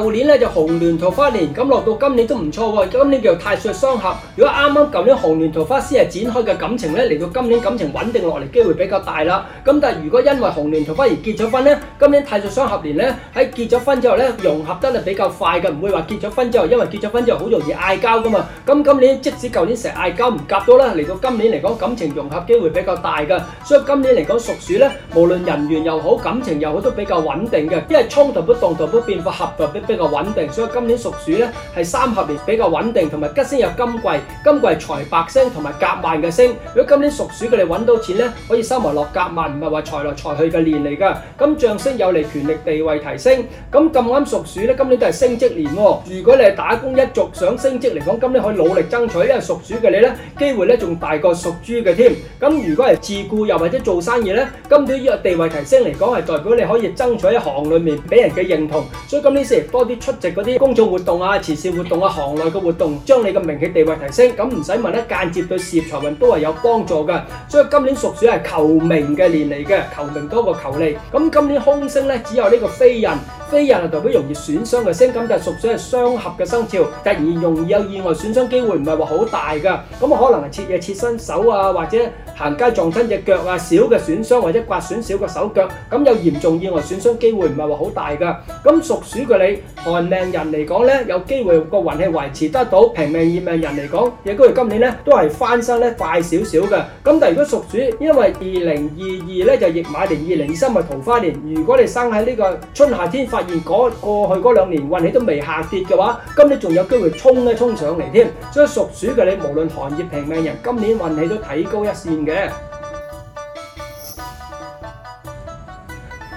舊年咧，就紅鸞桃花年，咁落到今年都唔錯。今年叫做太歲雙合。如果啱啱舊年紅鸞桃花先係展開嘅感情咧，嚟到今年感情穩定落嚟機會比較大啦。咁但係如果因為紅鸞桃花而結咗婚咧，今年太歲雙合年咧喺結咗婚之後咧融合得係比較快嘅，唔會話結咗婚之後因為結咗婚之後好容易嗌交噶嘛。咁今年即使舊年成日嗌交唔夾咗啦，嚟到今年嚟講感情融合機會比較大噶。所以今年嚟講屬鼠咧，無論人緣又好，感情又好都比較穩定嘅，因為沖又不動，又不變，或合又不。比較穩定，所以今年屬鼠咧係三合年比較穩定，同埋吉星有金匱。金匱係財帛星同埋夾萬嘅星。如果今年屬鼠嘅你揾到錢咧，可以收埋落夾萬，唔係話財來財去嘅年嚟㗎。咁象徵有利權力地位提升。咁咁啱屬鼠咧，今年都係升職年喎。如果你係打工一族，想升職嚟講，今年可以努力爭取，因為屬鼠嘅你咧機會咧仲大過屬豬嘅添。咁如果係自僱又或者做生意咧，今年呢個地位提升嚟講係代表你可以爭取喺行裡面俾人嘅認同。所以今年是。多啲出席嗰啲公眾活動啊、慈善活動啊、行內嘅活動，將你嘅名氣地位提升，咁唔使問啦，間接對事業財運都係有幫助嘅。所以今年屬鼠係求名嘅年嚟嘅，求名多過求利。咁今年空星咧，只有呢個飛人。飛人係代表容易損傷嘅星，咁但係屬鼠係雙合嘅生肖，突然容易有意外損傷機會，唔係話好大噶。咁可能係切嘢切伸手啊，或者行街撞親隻腳啊，小嘅損傷或者刮損少個手腳，咁有嚴重意外損傷機會唔係話好大噶。咁屬鼠嘅你寒命人嚟講咧，有機會個運氣維持得到；平命、熱命人嚟講，亦都係今年咧都係翻身咧快少少嘅。咁但係如果屬鼠，因為二零二二咧就驛馬年，二零二三係桃花年，如果你生喺呢個春夏天。發現嗰過去嗰兩年運氣都未下跌嘅話，今年仲有機會衝一衝上嚟添。所以屬鼠嘅你，無論行業平命人，今年運氣都睇高一線嘅。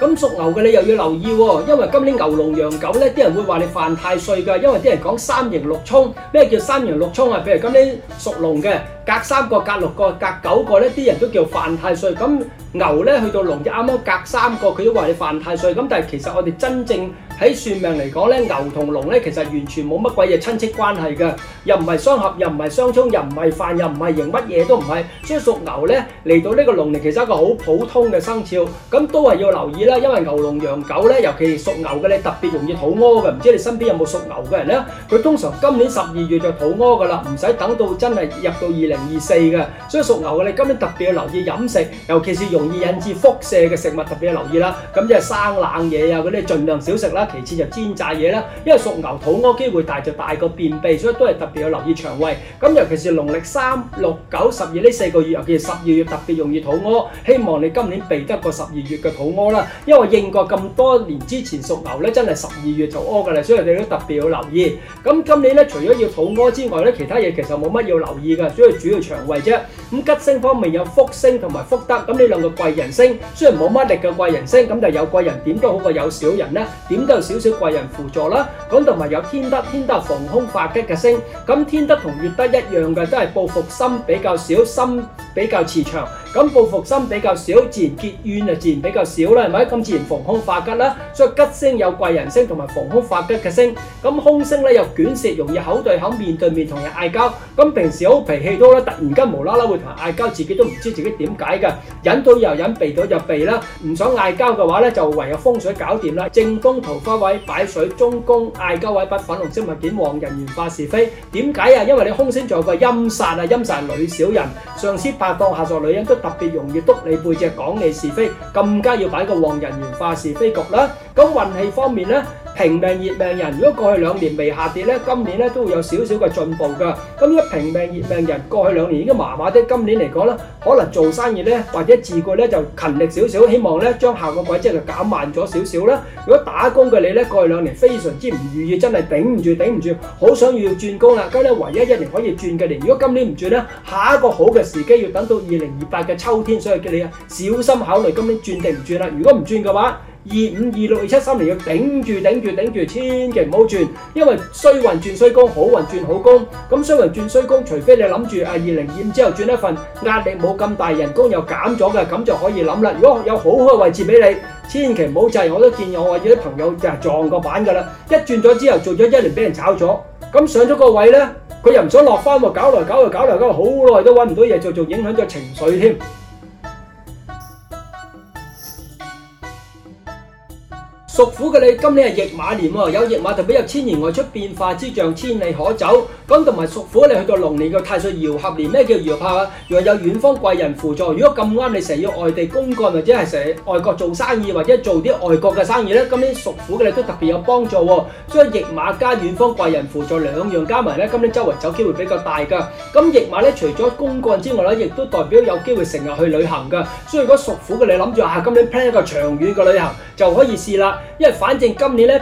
咁屬牛嘅你又要留意喎、哦，因為今年牛龍羊狗呢啲人會話你犯太歲㗎，因為啲人講三刑六沖，咩叫三刑六沖啊？譬如今年屬龍嘅，隔三個隔六個隔九個呢啲人都叫犯太歲。咁牛呢，去到龍就啱啱隔三個，佢都話你犯太歲。咁但係其實我哋真正，喺算命嚟講咧，牛同龍咧其實完全冇乜鬼嘢親戚關係嘅，又唔係相合，又唔係相沖，又唔係犯，又唔係刑，乜嘢都唔係。所以屬牛咧嚟到呢個龍年，其實一個好普通嘅生肖，咁都係要留意啦。因為牛、龍、羊、狗咧，尤其是屬牛嘅你，特別容易肚屙嘅。唔知你身邊有冇屬牛嘅人咧？佢通常今年十二月就肚屙噶啦，唔使等到真係入到二零二四嘅。所以屬牛嘅你今年特別要留意飲食，尤其是容易引致腹瀉嘅食物，特別要留意啦。咁即係生冷嘢啊，嗰啲儘量少食啦。其次就煎炸嘢啦，因為屬牛肚屙機會大，就大個便秘，所以都係特別要留意腸胃。咁尤其是農曆三、六、九、十二呢四個月，尤其是十二月特別容易肚屙。希望你今年避得過十二月嘅肚屙啦，因為我應過咁多年之前屬牛咧，真係十二月就屙嘅啦，所以你都特別要留意。咁今年咧，除咗要肚屙之外咧，其他嘢其實冇乜要留意嘅，所以主要腸胃啫。咁吉星方面有福星同埋福德，咁呢兩個貴人星，雖然冇乜力嘅貴人星，咁就有貴人，點都好過有小人啦，點都。少少貴人輔助啦，咁同埋有天德，天德逢凶化吉嘅星，咁天德同月德一樣嘅，都係報復心比較少，心比較慈祥。咁報復心比較少，自然結怨就自然比較少啦，係咪？咁自然逢凶化吉啦，所以吉星有貴人星同埋逢凶化吉嘅星。咁凶星咧又捲舌，容易口對口、面對面同人嗌交。咁平時好脾氣多啦，突然間無啦啦會同人嗌交，自己都唔知自己點解嘅。忍到又忍，避到就避啦。唔想嗌交嘅話咧，就唯有風水搞掂啦。正宮桃花位擺水，中宮嗌交位擺粉紅色物件，旺人緣、化是非。點解啊？因為你凶星仲有個陰煞啊，陰煞女小人、上司拍檔、下屬女人都。特別容易督你背脊講你是非，更加要擺個旺人緣化是非局啦。咁運氣方面呢？平命熱命人，如果過去兩年未下跌咧，今年咧都會有少少嘅進步㗎。咁如果平命熱命人過去兩年已經麻麻哋，今年嚟講咧，可能做生意咧或者自雇咧就勤力少少，希望咧將下跌嘅軌跡就減慢咗少少啦。如果打工嘅你咧，過去兩年非常之唔如意，真係頂唔住，頂唔住，好想要轉工啦。咁咧唯一一年可以轉嘅年，如果今年唔轉咧，下一個好嘅時機要等到二零二八嘅秋天，所以叫你啊小心考慮今年轉定唔轉啦。如果唔轉嘅話，二五二六二七三零要頂住頂住頂住，千祈唔好轉，因為衰運轉衰工，好運轉好工。咁衰運轉衰工，除非你諗住啊二零二五之後轉一份壓力冇咁大，人工又減咗嘅，咁就可以諗啦。如果有好好嘅位置俾你，千祈唔好制，我都建見我有啲朋友就係撞個板噶啦，一轉咗之後做咗一年俾人炒咗，咁上咗個位呢，佢又唔想落翻喎，搞嚟，搞嚟搞嚟搞嚟搞來，好耐都揾唔到嘢做，做影響咗情緒添。屬虎嘅你，今年係驛馬年喎，有驛馬代表有千年外出變化之象，千里可走。咁同埋屬虎你去到龍年嘅太歲遙合年，咩叫遙合啊？若有遠方貴人輔助，如果咁啱你成日要外地公幹或者係成日外國做生意或者做啲外國嘅生意咧，今年屬虎嘅你都特別有幫助。所以驛馬加遠方貴人輔助兩樣加埋咧，今年周圍走機會比較大噶。咁驛馬咧，除咗公幹之外咧，亦都代表有機會成日去旅行噶。所以如果屬虎嘅你諗住啊，今年 plan 一個長遠嘅旅行就可以試啦。因為反正今年呢。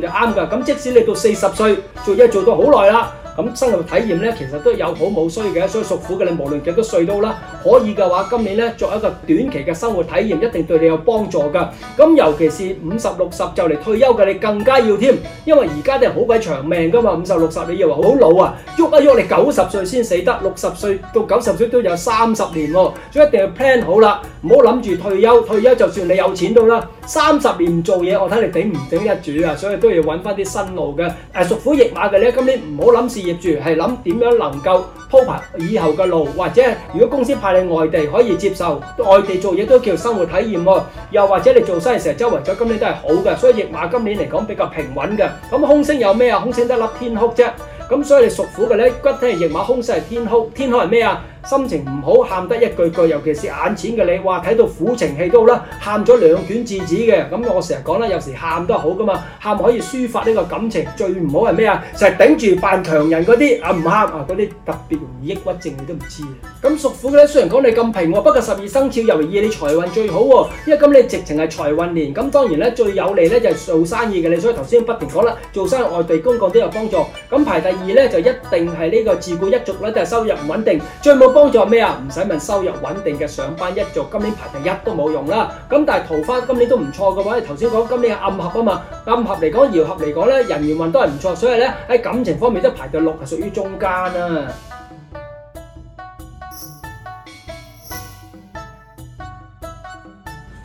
就啱噶，咁即使你到四十歲做嘢做到好耐啦。 咁生活體驗咧，其實都有好冇衰嘅，所以屬虎嘅你，無論幾多歲都啦，可以嘅話，今年咧作一個短期嘅生活體驗，一定對你有幫助噶。咁尤其是五十六十就嚟退休嘅，你更加要添，因為而家都係好鬼長命噶嘛，五十六十你以為好老啊？喐一喐你九十歲先死得，六十歲到九十歲都有三十年喎，所以一定要 plan 好啦，唔好諗住退休，退休就算你有錢都啦，三十年唔做嘢，我睇你頂唔頂得住啊！所以都要揾翻啲新路嘅，誒屬虎駿馬嘅咧，今年唔好諗事。業主係諗點樣能夠鋪排以後嘅路，或者如果公司派你外地可以接受，外地做嘢都叫生活體驗喎。又或者你做生意成日周圍走，今年都係好嘅，所以驛馬今年嚟講比較平穩嘅。咁凶星有咩啊？凶星得粒天哭啫。咁所以你屬虎嘅呢，骨體驛馬凶星係天哭，天哭係咩啊？心情唔好，喊得一句句，尤其是眼淺嘅你，哇，睇到苦情戲都好啦，喊咗兩卷字紙嘅。咁我成日講啦，有時喊都係好噶嘛，喊可以抒發呢個感情。最唔好係咩啊？成日頂住扮強人嗰啲啊，唔喊啊，嗰啲特別容易抑鬱症，你都唔知啊。咁屬虎嘅咧，雖然講你咁平喎，不過十二生肖又以你財運最好喎，因為咁你直情係財運年。咁當然咧最有利咧就係做生意嘅你，所以頭先不停講啦，做生意外地公幹都有幫助。咁排第二咧就一定係呢個自僱一族啦，就係收入唔穩定，最冇幫助咩啊？唔使問，收入穩定嘅上班一族，今年排第一都冇用啦。咁但係桃花今年都唔錯嘅話，你頭先講今年係暗合啊嘛，暗合嚟講，搖合嚟講咧，人緣運都係唔錯，所以咧喺感情方面都排第六，係屬於中間啊。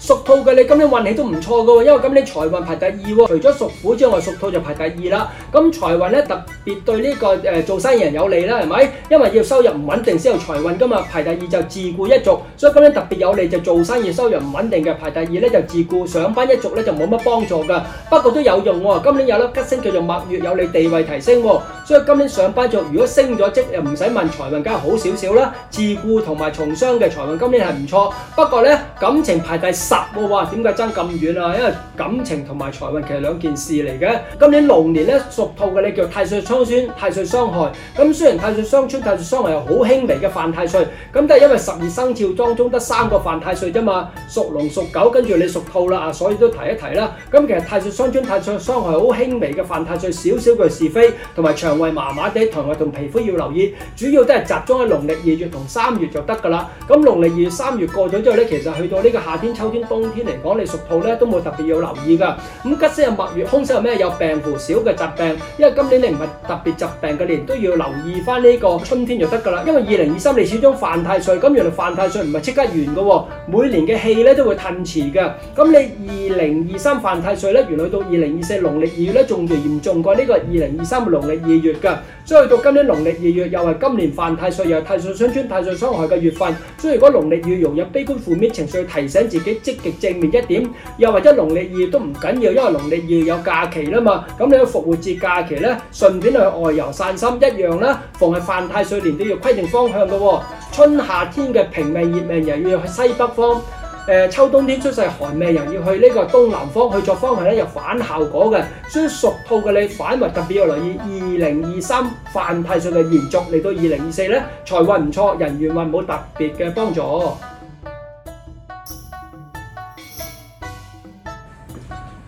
屬兔嘅你今年運氣都唔錯嘅，因為今年財運排第二，除咗屬虎之外，屬兔就排第二啦。咁財運咧特別對呢、個、呃、做生意人有利啦，係咪？因為要收入唔穩定先有財運噶嘛，排第二就自僱一族。所以今年特別有利就做生意，收入唔穩定嘅排第二咧就自僱上班一族咧就冇乜幫助噶。不過都有用，今年有粒吉星叫做月，有利地位提升。所以今年上班族如果升咗職又唔使問財運，梗係好少少啦。自雇同埋從商嘅財運今年係唔錯，不過呢，感情排第十喎、啊、嘩，點解爭咁遠啊？因為感情同埋財運其實兩件事嚟嘅。今年龍年呢，屬兔嘅你叫太歲相穿、太歲相害。咁雖然太歲相穿、太歲相害又好輕微嘅犯太歲，咁但係因為十二生肖當中得三個犯太歲咋嘛？屬龍、屬狗，跟住你屬兔啦啊，所以都提一提啦。咁其實太歲相穿、太歲相害好輕微嘅犯太歲，少少嘅是非同埋長。胃麻麻地，腸胃同皮膚要留意，主要都係集中喺農曆二月同三月就得噶啦。咁農曆二月、三月過咗之後咧，其實去到呢個夏天、秋天、冬天嚟講，你屬兔咧都冇特別要留意噶。咁吉星係木月，凶星係咩？有病符、小嘅疾病。因為今年你唔係特別疾病嘅年，都要留意翻呢個春天就得噶啦。因為二零二三你始終犯太歲，咁原來犯太歲唔係即刻完噶，每年嘅氣咧都會褪遲噶。咁你二零二三犯太歲咧，原來到二零二四農曆二月咧仲就嚴重過呢個二零二三嘅農曆二月。噶，所以到今年農曆二月又係今年犯太歲，又係太歲相穿、太歲相害嘅月份。所以如果農曆二月融入悲觀負面情緒，提醒自己積極正面一點。又或者農曆二月都唔緊要，因為農曆二月有假期啦嘛。咁你去復活節假期咧，順便去外遊散心一樣啦。逢係犯太歲年都要規定方向嘅。哦，春夏天嘅平命、熱命又要去西北方。誒，秋冬天出世寒命人要去呢個東南方去做方位咧，有反效果嘅，所以屬兔嘅你反而特別要留意。二零二三犯太歲嘅延續嚟到二零二四咧，財運唔錯，人緣運冇特別嘅幫助。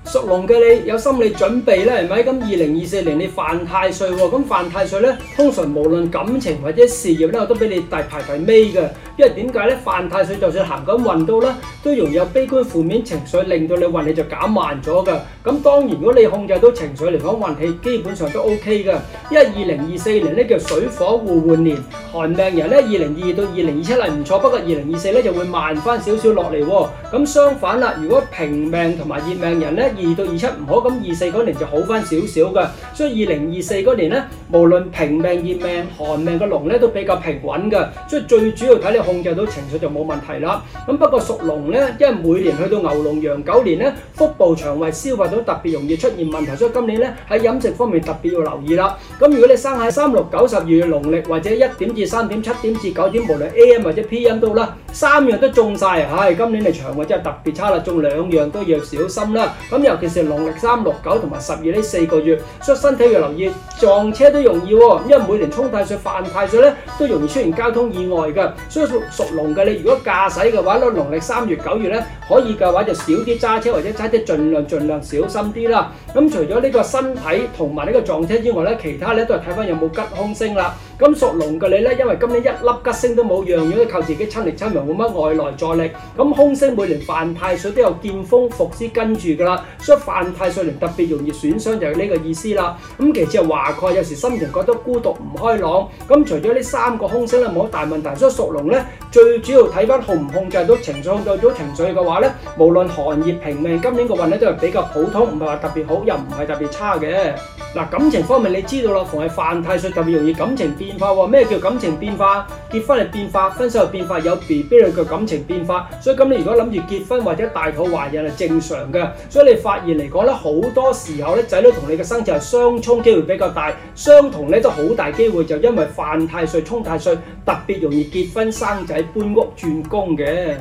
屬龍嘅你有心理準備咧，係咪？咁二零二四年你犯太歲喎，咁犯太歲咧，通常無論感情或者事業咧，我都俾你大排排尾嘅。因為點解咧？犯太歲就算行緊運到啦，都容易有悲觀負面情緒，令到你運氣就減慢咗噶。咁當然如果你控制到情緒嚟講，運氣基本上都 OK 噶。因為二零二四年咧叫水火互換年，寒命人咧二零二二到二零二七係唔錯，不過二零二四咧就會慢翻少少落嚟。咁相反啦，如果平命同埋熱命人咧二到二七唔好咁，二四嗰年就好翻少少噶。所以二零二四嗰年咧，無論平命、熱命、寒命嘅龍咧都比較平穩噶。所以最主要睇你。控制到情緒就冇問題啦。咁不過屬龍咧，因為每年去到牛龍羊狗年咧，腹部腸胃消化都特別容易出現問題，所以今年咧喺飲食方面特別要留意啦。咁如果你生喺三六九十二嘅農曆或者一點至三點、七點至九點，無論 A M 或者 P M 都啦，三樣都中晒。係、哎、今年你腸胃真係特別差啦。中兩樣都要小心啦。咁尤其是農曆三六九同埋十二呢四個月，所以身體要留意，撞車都容易、哦，因為每年沖太歲犯太歲咧都容易出現交通意外嘅，所以。屬龍嘅你如果駕駛嘅話，到農曆三月九月咧可以嘅話就少啲揸車或者揸車盡量盡量小心啲啦。咁除咗呢個身體同埋呢個撞車之外咧，其他咧都係睇翻，有冇吉凶星啦。咁屬龍嘅你咧，因為今年一粒吉星都冇，樣樣都靠自己親力親為，冇乜外來助力。咁凶星每年犯太歲都有劍鋒伏屍跟住噶啦，所以犯太歲年特別容易損傷就係呢個意思啦。咁其次係華蓋，有時心情覺得孤獨唔開朗。咁除咗呢三個凶星咧冇乜大問題，所以屬龍咧，最主要睇翻控唔控制到情緒，控制到情緒嘅話咧，無論行業平命，今年個運咧都係比較普通，唔係話特別好，又唔係特別差嘅。嗱，感情方面你知道啦，逢係犯太歲特別容易感情變化喎。咩叫感情變化？結婚係變化，分手係變化，有 B B 類嘅感情變化。所以咁你如果諗住結婚或者大肚懷孕係正常嘅。所以你發現嚟講咧，好多時候咧仔女同你嘅生肖係相沖機會比較大，相同咧都好大機會就因為犯太歲沖太歲，特別容易結婚生，生仔搬屋轉工嘅。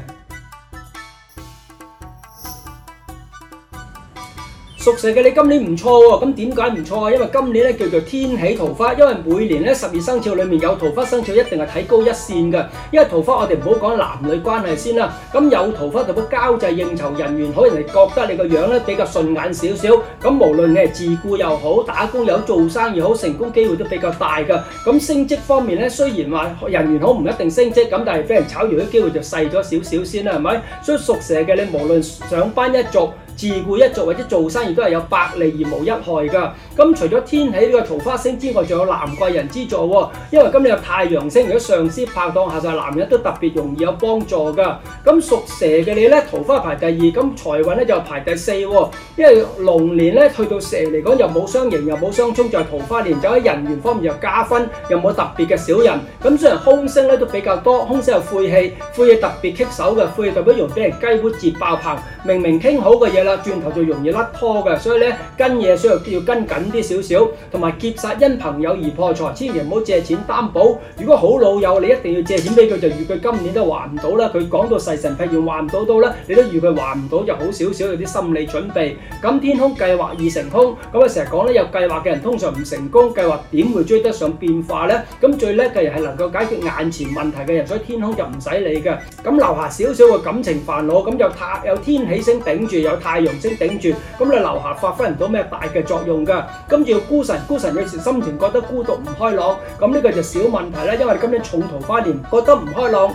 屬蛇嘅你今年唔錯喎，咁點解唔錯啊？因為今年咧叫做天喜桃花，因為每年咧十二生肖裏面有桃花生肖，一定係睇高一線嘅。因為桃花，我哋唔好講男女關係先啦。咁有桃花就會交際應酬，人緣好，人哋覺得你個樣咧比較順眼少少。咁無論你係自雇又好，打工又好，做生意又好，成功機會都比較大嘅。咁升職方面咧，雖然話人緣好唔一定升職，咁但係俾人炒魷嘅機會就細咗少少先啦，係咪？所以屬蛇嘅你無論上班一族。自古一族或者做生意都係有百利而無一害噶。咁、嗯、除咗天喜呢，這個桃花星之外，仲有男貴人之助，哦。因為今年有太陽星，如果上司拍檔下就係男人，都特別容易有幫助噶。咁、嗯、屬蛇嘅你咧，桃花排第二，咁、嗯、財運咧就排第四，哦。因為龍年咧，去到蛇嚟講又冇相刑，又冇相衝，在桃花年就喺人緣方面又加分，又冇特別嘅小人。咁、嗯、雖然凶星咧都比較多，凶星又晦氣，晦氣特別棘手嘅，晦氣就比如俾人雞骨節爆棚，明明傾好嘅嘢啦。轉頭就容易甩拖嘅，所以咧跟嘢，需要要跟緊啲少少，同埋劫煞因朋友而破財，千祈唔好借錢擔保。如果好老友，你一定要借錢俾佢，就預佢今年都還唔到啦。佢講到誓神劈願還唔到都啦，你都預佢還唔到就好少少有啲心理準備。咁天空計劃易成空，咁啊成日講咧有計劃嘅人通常唔成功，計劃點會追得上變化咧？咁最叻嘅人係能夠解決眼前問題嘅人，所以天空就唔使理嘅。咁留下少少嘅感情煩惱，咁有太有天喜星頂住，有太。用星頂住，咁你留下發揮唔到咩大嘅作用嘅，跟住孤神，孤神有時心情覺得孤獨唔開朗，咁呢個就係小問題咧，因為你今日重桃花年，覺得唔開朗。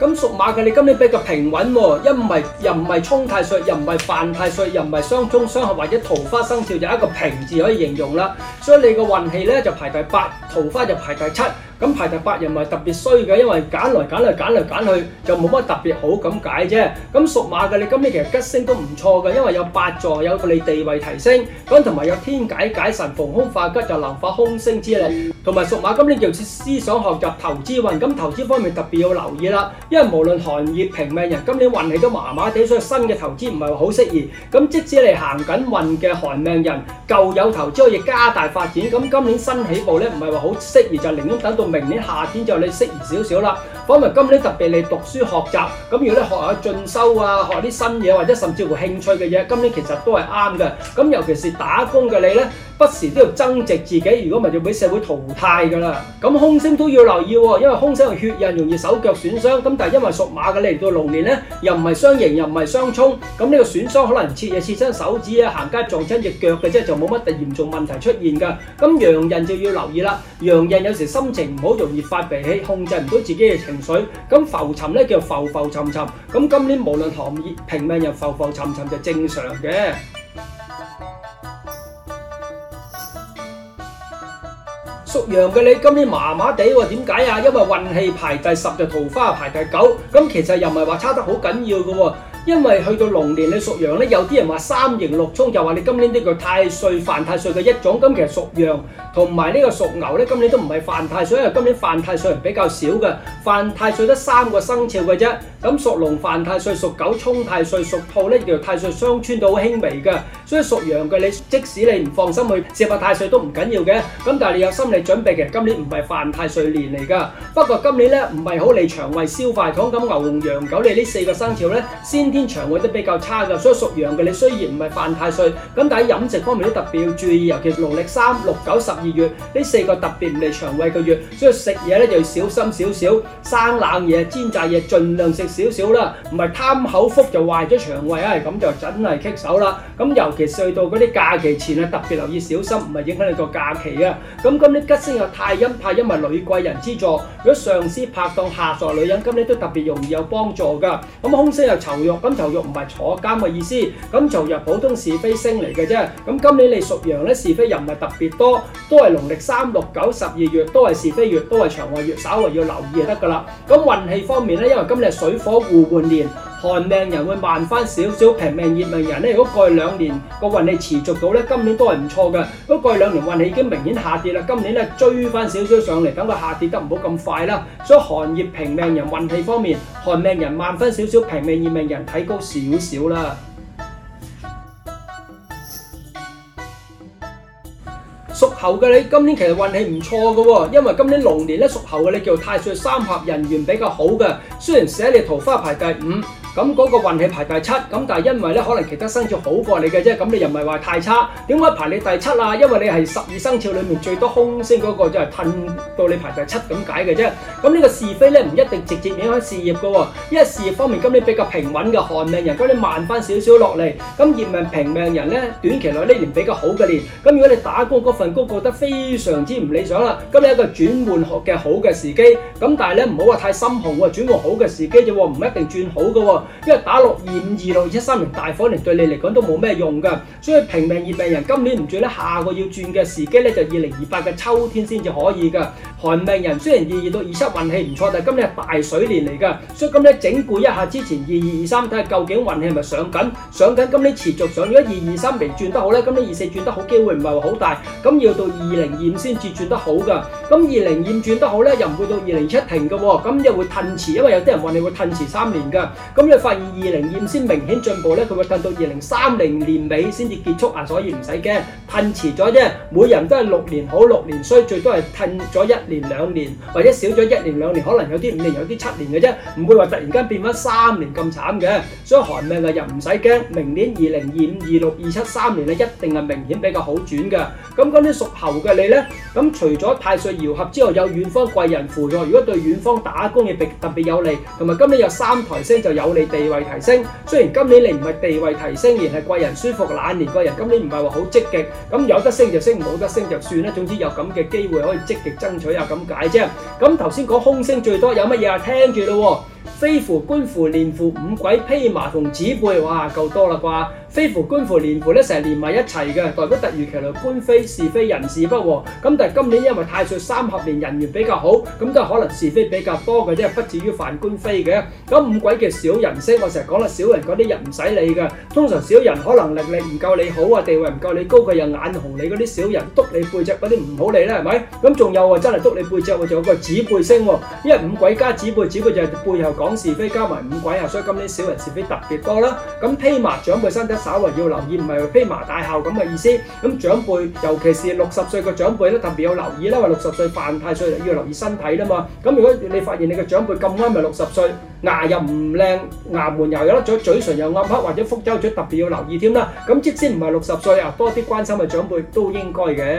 咁屬馬嘅你今年比較平穩喎，又唔係沖太歲，又唔係犯太歲，又唔係相沖相合或者桃花生肖，有一個平字可以形容啦。所以你個運氣呢就排第八，桃花就排第七。咁排第八唔係特別衰嘅，因為揀來揀來揀來揀去就冇乜特別好咁解啫。咁屬馬嘅你今年其實吉星都唔錯嘅，因為有八座有你地位提升，咁同埋有天解解神逢凶化吉，就能化凶星之力。同埋屬馬今年叫思想學習投資運，咁投資方面特別要留意啦。因為無論行業平命人今年運氣都麻麻地，所以新嘅投資唔係話好適宜。咁即使你行緊運嘅寒命人，舊有投資可以加大發展，咁今年新起步咧唔係話好適宜，就寧願等到。明年夏天就會適宜少少啦。講埋今年特別你讀書學習，咁如果你學下進修啊，學啲新嘢或者甚至乎興趣嘅嘢，今年其實都係啱嘅。咁尤其是打工嘅你呢，不時都要增值自己，如果唔係就俾社會淘汰㗎啦。咁空星都要留意喎，因為空星係血刃，容易手腳損傷。咁但係因為屬馬嘅你嚟到龍年咧，又唔係相刑又唔係相沖，咁呢個損傷可能切嘢切親手指啊，行街撞親隻腳嘅啫，就冇乜特別嚴重問題出現㗎。咁羊人就要留意啦，羊人有時心情唔好，容易發脾氣，控制唔到自己嘅情。水咁浮沉咧叫浮浮沉沉，咁今年無論行業平命又浮浮沉沉就正常嘅。屬 羊嘅你今年麻麻地喎，點解啊？因為運氣排第十就桃花排第九，咁其實又唔係話差得好緊要嘅喎。因為去到龍年，你屬羊咧，有啲人話三刑六沖，就話你今年呢個太歲犯太歲嘅一種。咁其實屬羊同埋呢個屬牛咧，今年都唔係犯太歲，因為今年犯太歲係比較少嘅，犯太歲得三個生肖嘅啫。咁屬龍犯太歲，屬狗沖太歲，屬兔咧叫太歲相穿到好輕微嘅，所以屬羊嘅你即使你唔放心去攝太歲都唔緊要嘅。咁但係你有心理準備嘅，今年唔係犯太歲年嚟噶。不過今年咧唔係好利腸胃消化，同咁牛龍羊狗你呢四個生肖咧先。天腸胃都比較差噶，所以屬羊嘅你雖然唔係犯太歲，咁但係飲食方面都特別要注意，尤其係農曆三、六、九、十二月呢四個特別唔利腸胃嘅月，所以食嘢咧就要小心少少，生冷嘢、煎炸嘢盡量食少少啦，唔係貪口福就壞咗腸胃啊，咁就真係棘手啦。咁尤其去到嗰啲假期前啊，特別留意小心，唔係影響你個假期啊。咁咁啲吉星又太陰太陰，因為女貴人之助，如果上司拍檔、下屬女人咁咧都特別容易有幫助噶。咁啊，凶星又囚獄。咁頭肉唔係坐監嘅意思，咁就肉普通是非星嚟嘅啫。咁今年你屬羊咧，是非又唔係特別多，都係農曆三、六、九、十二月都係是，是非月，都係長外月，稍為要留意就得噶啦。咁運氣方面咧，因為今日水火互換年，寒命人會慢翻少少，平命、熱命人咧，如果過去兩年個運氣持續到咧，今年都係唔錯嘅。如果過去兩年運氣已經明顯下跌啦，今年咧追翻少少上嚟，等佢下跌得唔好咁快啦。所以寒熱、平命人運氣方面，寒命人慢翻少少，平命、熱命人睇高少少啦。屬猴嘅你今年其實運氣唔錯嘅，因為今年龍年咧，屬猴嘅你叫做太歲三合，人緣比較好嘅。雖然寫你桃花排第五。咁嗰個運氣排第七，咁但係因為咧可能其他生肖好過你嘅啫，咁你又唔係話太差，點解排你第七啊？因為你係十二生肖裏面最多凶星嗰個，就係、是、褪到你排第七咁解嘅啫。咁呢個是非咧唔一定直接影響事業噶喎，因為事業方面今年比較平穩嘅，寒命人如果慢翻少少落嚟，咁熱命平命人咧短期內呢年比較好嘅年，咁如果你打工嗰份工覺得非常之唔理想啦，咁你一個轉換學嘅好嘅時機，咁但係咧唔好話太心雄喎，轉換好嘅時機啫，唔一定轉好噶喎。因為打六二五二六二七、三零大火年對你嚟講都冇咩用嘅，所以平命熱命人今年唔轉咧，下個要轉嘅時機咧就二零二八嘅秋天先至可以嘅。寒命人雖然二二到二七運氣唔錯，但係今年係大水年嚟嘅，所以咁咧整固一下之前二二二三，睇下究竟運氣係咪上緊上緊，今年持續上咗二二三未轉得好咧，咁呢二四轉得好機會唔係好大，咁要到二零二五先至轉得好嘅。咁二零二五轉得好咧，又唔會到二零二七停嘅，咁又會褪遲，因為有啲人話你會褪遲三年嘅，咁。咁你發現二零二五先明顯進步咧，佢會褪到二零三零年尾先至結束啊！所以唔使驚，褪遲咗啫。每人都係六年好六年衰，所以最多係褪咗一年兩年，或者少咗一年兩年，可能有啲五年，有啲七年嘅啫，唔會話突然間變翻三年咁慘嘅。所以寒命啊又唔使驚，明年二零二五、二六、二七三年咧一定係明顯比較好轉嘅。咁嗰啲屬猴嘅你咧，咁除咗太歲搖合之外，有遠方貴人輔助，如果對遠方打工嘅特別有利，同埋今年有三台星就有利。地位提升，雖然今年你唔係地位提升，而係貴人舒服龍年貴人，今年唔係話好積極，咁有得升就升，冇得升就算啦。總之有咁嘅機會可以積極爭取啊，咁解啫。咁頭先講空升最多有乜嘢啊？聽住咯。飛符、官符、連符、五鬼、披麻同指背，哇，夠多啦啩！飛符、官符、連符咧，成日連埋一齊嘅，代表突如其來官非是非人事不和。咁但係今年因為太歲三合年人緣比較好，咁都係可能是非比較多嘅啫，不至於犯官非嘅。咁五鬼叫小人星，我成日講啦，小人嗰啲人唔使理嘅，通常小人可能能力唔夠你好啊，地位唔夠你高，佢又眼紅你嗰啲小人督你背脊嗰啲唔好理啦，係咪？咁仲有啊，真係督你背脊，仲有個指背星，因為五鬼加指背，指背就係背後。講是非加埋五鬼啊，所以今年小人是非特別多啦。咁披麻長輩身體稍為要留意，唔係披麻戴孝咁嘅意思。咁長輩尤其是六十歲嘅長輩咧，特別要留意啦。話六十歲犯太歲要留意身體啦嘛。咁如果你發現你嘅長輩咁啱，咪六十歲牙又唔靚，牙門又有甩咗，嘴唇又暗黑，或者覆舟嘴，特別要留意添啦。咁即使唔係六十歲啊，多啲關心嘅長輩都應該嘅。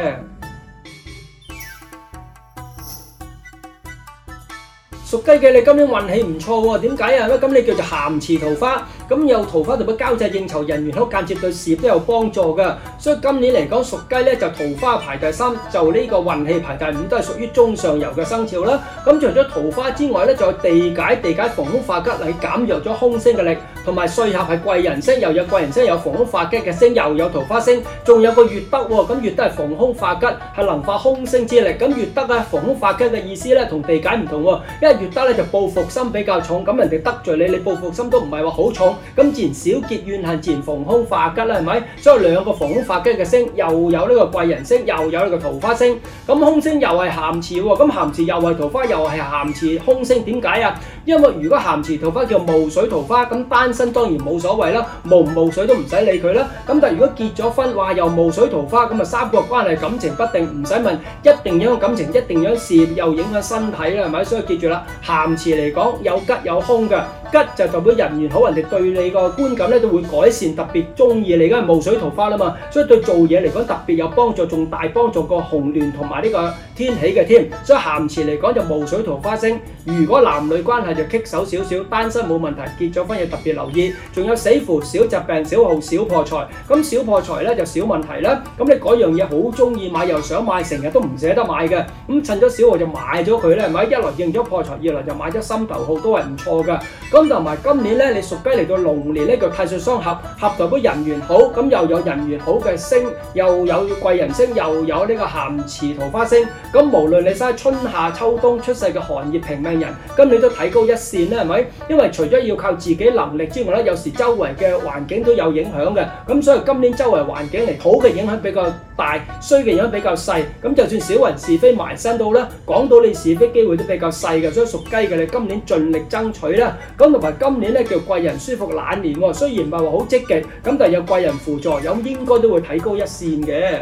屬雞嘅你今年運氣唔錯喎，點解啊？因為咁你叫做鹹池桃花。咁有桃花同埋交際應酬人員，好間接對事業都有幫助嘅。所以今年嚟講，屬雞咧就桃花排第三，就呢個運氣排第五，都係屬於中上游嘅生肖啦。咁除咗桃花之外咧，仲有地解，地解逢空化吉係減弱咗空星嘅力，同埋歲合係貴人星，又有貴人星，有逢空化吉嘅星，又有桃花星，仲有個月德喎。咁月德係逢空化吉，係能化空星之力。咁月德啊，逢空化吉嘅意思咧，同地解唔同喎，因為月德咧就報復心比較重，咁人哋得罪你，你報復心都唔係話好重。咁自然少結怨恨，自然逢凶化吉啦，係咪？所以兩個逢凶化吉嘅星，又有呢個貴人星，又有呢個桃花星。咁空星又係咸池喎，咁咸池又係桃花，又係咸池空星，點解啊？因為如果咸池桃花叫霧水桃花，咁單身當然冇所謂啦，霧唔霧水都唔使理佢啦。咁但係如果結咗婚話又霧水桃花，咁啊三角關係感情不定，唔使問，一定影響感情，一定影響事業，又影響身體啦，係咪？所以記住啦，咸池嚟講有吉有凶嘅，吉就代表人緣好，人哋對。你個觀感咧，都會改善，特別中意你。而家係霧水桃花啦嘛，所以對做嘢嚟講特別有幫助，仲大幫助過紅鸞同埋呢個天喜嘅添。所以咸池嚟講就霧水桃花星，如果男女關係就棘手少少，單身冇問題，結咗婚又特別留意。仲有死符小疾病、小耗、小破財，咁小破財咧，就少問題啦。咁你嗰樣嘢好中意買又想買，成日都唔捨得買嘅，咁趁咗小耗就買咗佢咧，咪一來應咗破財，二來就買咗心頭好都係唔錯噶咁同埋今年咧，你屬雞嚟到。龍年呢叫太歲雙合，合代表人緣好，咁又有人緣好嘅星，又有貴人星，又有呢個咸池桃花星，咁無論你生喺春夏秋冬出世嘅寒熱平命人，今年都提高一線啦，係咪？因為除咗要靠自己能力之外咧，有時周圍嘅環境都有影響嘅，咁所以今年周圍環境嚟好嘅影響比較大，衰嘅影響比較細。咁就算小人是非埋身到啦，講到你是非機會都比較細嘅，所以屬雞嘅你今年盡力爭取啦。咁同埋今年咧叫貴人輸。冷年喎，雖然唔係話好積極，咁但係有貴人輔助，有應該都會睇高一線嘅。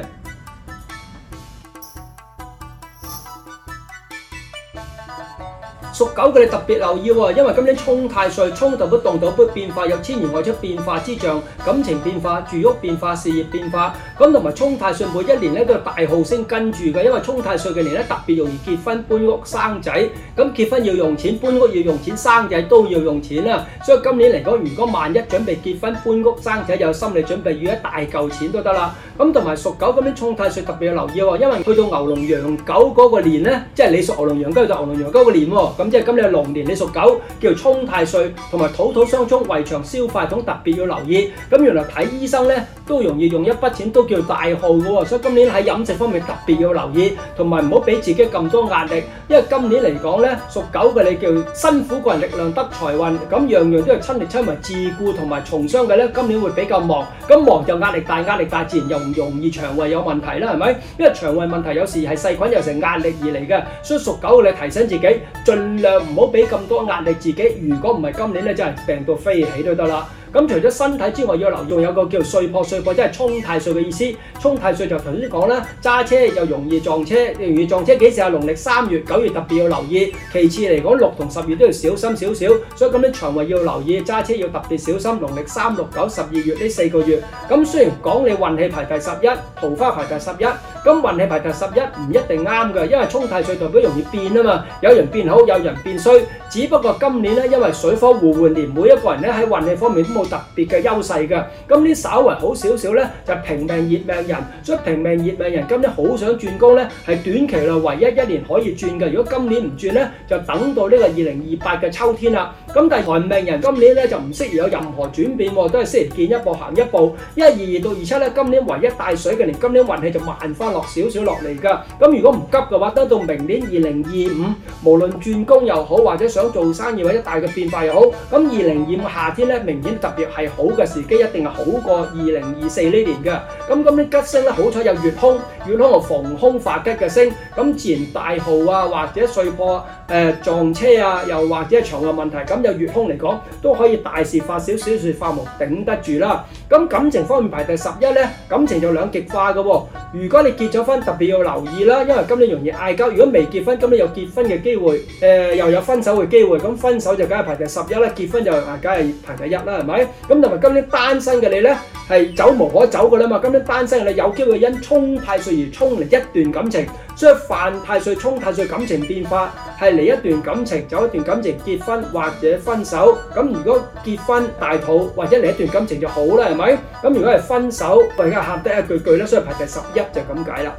屬狗嘅你特別留意喎，因為今年衝太歲，衝頭杯動到杯變化，有千年外出變化之象，感情變化、住屋變化、事業變化。咁同埋衝太歲每一年咧都係大耗星跟住嘅，因為衝太歲嘅年咧特別容易結婚、搬屋、生仔。咁結婚要用錢，搬屋要用錢，生仔都要用錢啦。所以今年嚟講，如果萬一準備結婚、搬屋、生仔，有心理準備要一大嚿錢都得啦。咁同埋屬狗今年衝太歲特別要留意喎，因為去到牛龍羊狗嗰個年咧，即係你屬牛龍羊狗就牛龍羊狗嘅年喎。即係今年係龍年，你屬狗，叫沖太歲，同埋土土相沖，胃腸消化系統特別要留意。咁原來睇醫生咧，都容易用一筆錢都叫大號噶喎。所以今年喺飲食方面特別要留意，同埋唔好俾自己咁多壓力。因為今年嚟講咧，屬狗嘅你叫辛苦個人力量得財運，咁樣樣都係親力親為、自顧同埋從商嘅咧，今年會比較忙。咁忙就壓力大，壓力大自然又唔容易腸胃有問題啦，係咪？因為腸胃問題有時係細菌有時係壓力而嚟嘅。所以屬狗嘅你提醒自己盡。唔好俾咁多壓力自己，如果唔係今年咧，真係病到飛起都得啦。咁除咗身體之外，要留意有一個叫歲破歲破，即係沖太歲嘅意思。沖太歲就頭先講啦，揸車就容易撞車，容易撞車。幾時啊？農曆三月、九月特別要留意。其次嚟講，六同十月都要小心少少。所以咁啲腸胃要留意，揸車要特別小心。農曆三、六、九、十二月呢四個月，咁雖然講你運氣排第十一，桃花排第十一，咁運氣排第十一唔一定啱嘅，因為沖太歲代表容易變啊嘛。有人變好，有人變衰。只不過今年呢，因為水火互換年，每一個人呢喺運氣方面。冇特別嘅優勢嘅，今年稍為好少少呢，就平命熱命人，所以平命熱命人今年好想轉工呢，係短期內唯一一年可以轉嘅。如果今年唔轉呢，就等到呢個二零二八嘅秋天啦。咁但係寒命人今年咧就唔適宜有任何轉變，都係適宜見一步行一步。一二二到二七咧，今年唯一帶水嘅年，今年運氣就慢翻落少少落嚟噶。咁如果唔急嘅話，等到明年二零二五，無論轉工又好，或者想做生意或者大嘅變化又好，咁二零二五夏天咧明顯特別係好嘅時機，一定係好過二零二四呢年嘅。咁今年吉星咧好彩有月空，月空同逢凶化吉嘅星，咁自然大號啊或者碎破誒、呃、撞車啊又或者係長流問題咁。有月空嚟講，都可以大事化小，小事化無，頂得住啦。咁感情方面排第十一咧，感情就兩極化嘅喎。如果你結咗婚，特別要留意啦，因為今年容易嗌交。如果未結婚，今年有結婚嘅機會，誒又有分手嘅機會。咁分手就梗係排第十一啦，結婚就啊梗係排第一啦，係咪？咁同埋今年單身嘅你咧，係走無可走嘅啦嘛。今年單身嘅你有機會因沖太歲而衝嚟一段感情。所以犯太歲，沖太歲，感情變化，係嚟，一段感情走一段感情，結婚或者分手。咁如果結婚大肚或者嚟一段感情就好啦，係咪？咁如果係分手我而家喊得一句句啦，所以排第十一就咁解啦。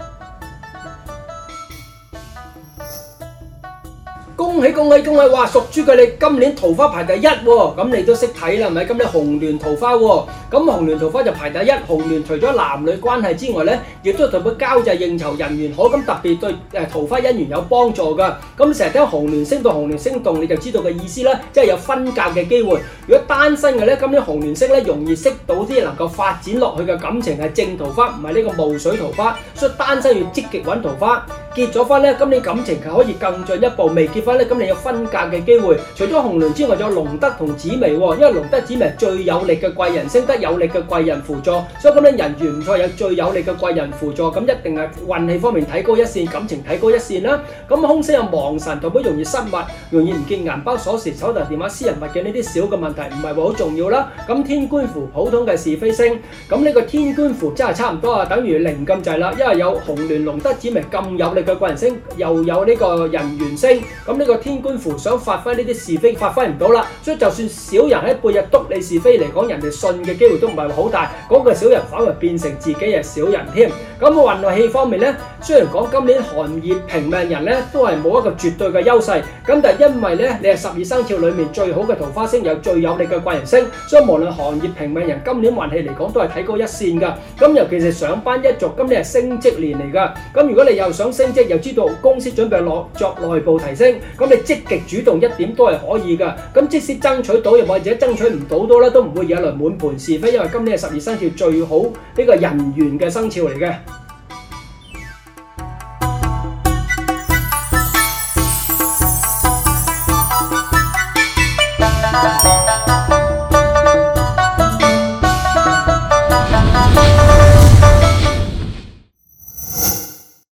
恭喜恭喜恭喜！哇，屬豬嘅你今年桃花排第一喎，咁你都識睇啦，咪今年紅鸞桃花喎，咁紅鸞桃花就排第一。紅鸞除咗男女關係之外咧，亦都同啲交際應酬人緣好，咁特別對誒桃花姻緣有幫助㗎。咁成日聽紅鸞星到，紅鸞星動，你就知道嘅意思啦，即係有分隔嘅機會。如果單身嘅咧，今年紅鸞星咧容易識到啲能夠發展落去嘅感情係正桃花，唔係呢個霧水桃花，所以單身要積極揾桃花。結咗婚咧，今年感情係可以更進一步；未結婚咧，今年有分隔嘅機會。除咗紅鸞之外，仲有龍德同紫薇，因為龍德紫薇係最有力嘅貴人，升得有力嘅貴人輔助，所以今年人緣唔錯，有最有力嘅貴人輔助，咁一定係運氣方面睇高一線，感情睇高一線啦。咁空星有亡神，同埋容易失物，容易唔見銀包、鎖匙、手提電話、私人物件呢啲小嘅問題，唔係話好重要啦。咁天官符普通嘅是非星，咁呢個天官符真係差唔多啊，等於零咁滯啦，因為有紅鸞、龍德、紫薇咁有力。佢貴人星又有呢個人緣星，咁呢個天官符想發揮呢啲是非，發揮唔到啦。所以就算小人喺背日督你是非嚟講，人哋信嘅機會都唔係好大。嗰、那個小人反而變成自己嘅小人添。咁運氣方面呢，雖然講今年行業平命人呢都係冇一個絕對嘅優勢，咁但係因為呢你係十二生肖裏面最好嘅桃花星，又最有力嘅貴人星，所以無論行業平命人今年運氣嚟講都係睇高一線噶。咁尤其是上班一族，今年係升職年嚟噶。咁如果你又想升職，又知道公司準備落作內部提升，咁你積極主動一點都係可以噶。咁即使爭取到又或者爭取唔到都啦，都唔會惹來滿盤是非，因為今年係十二生肖最好呢個人緣嘅生肖嚟嘅。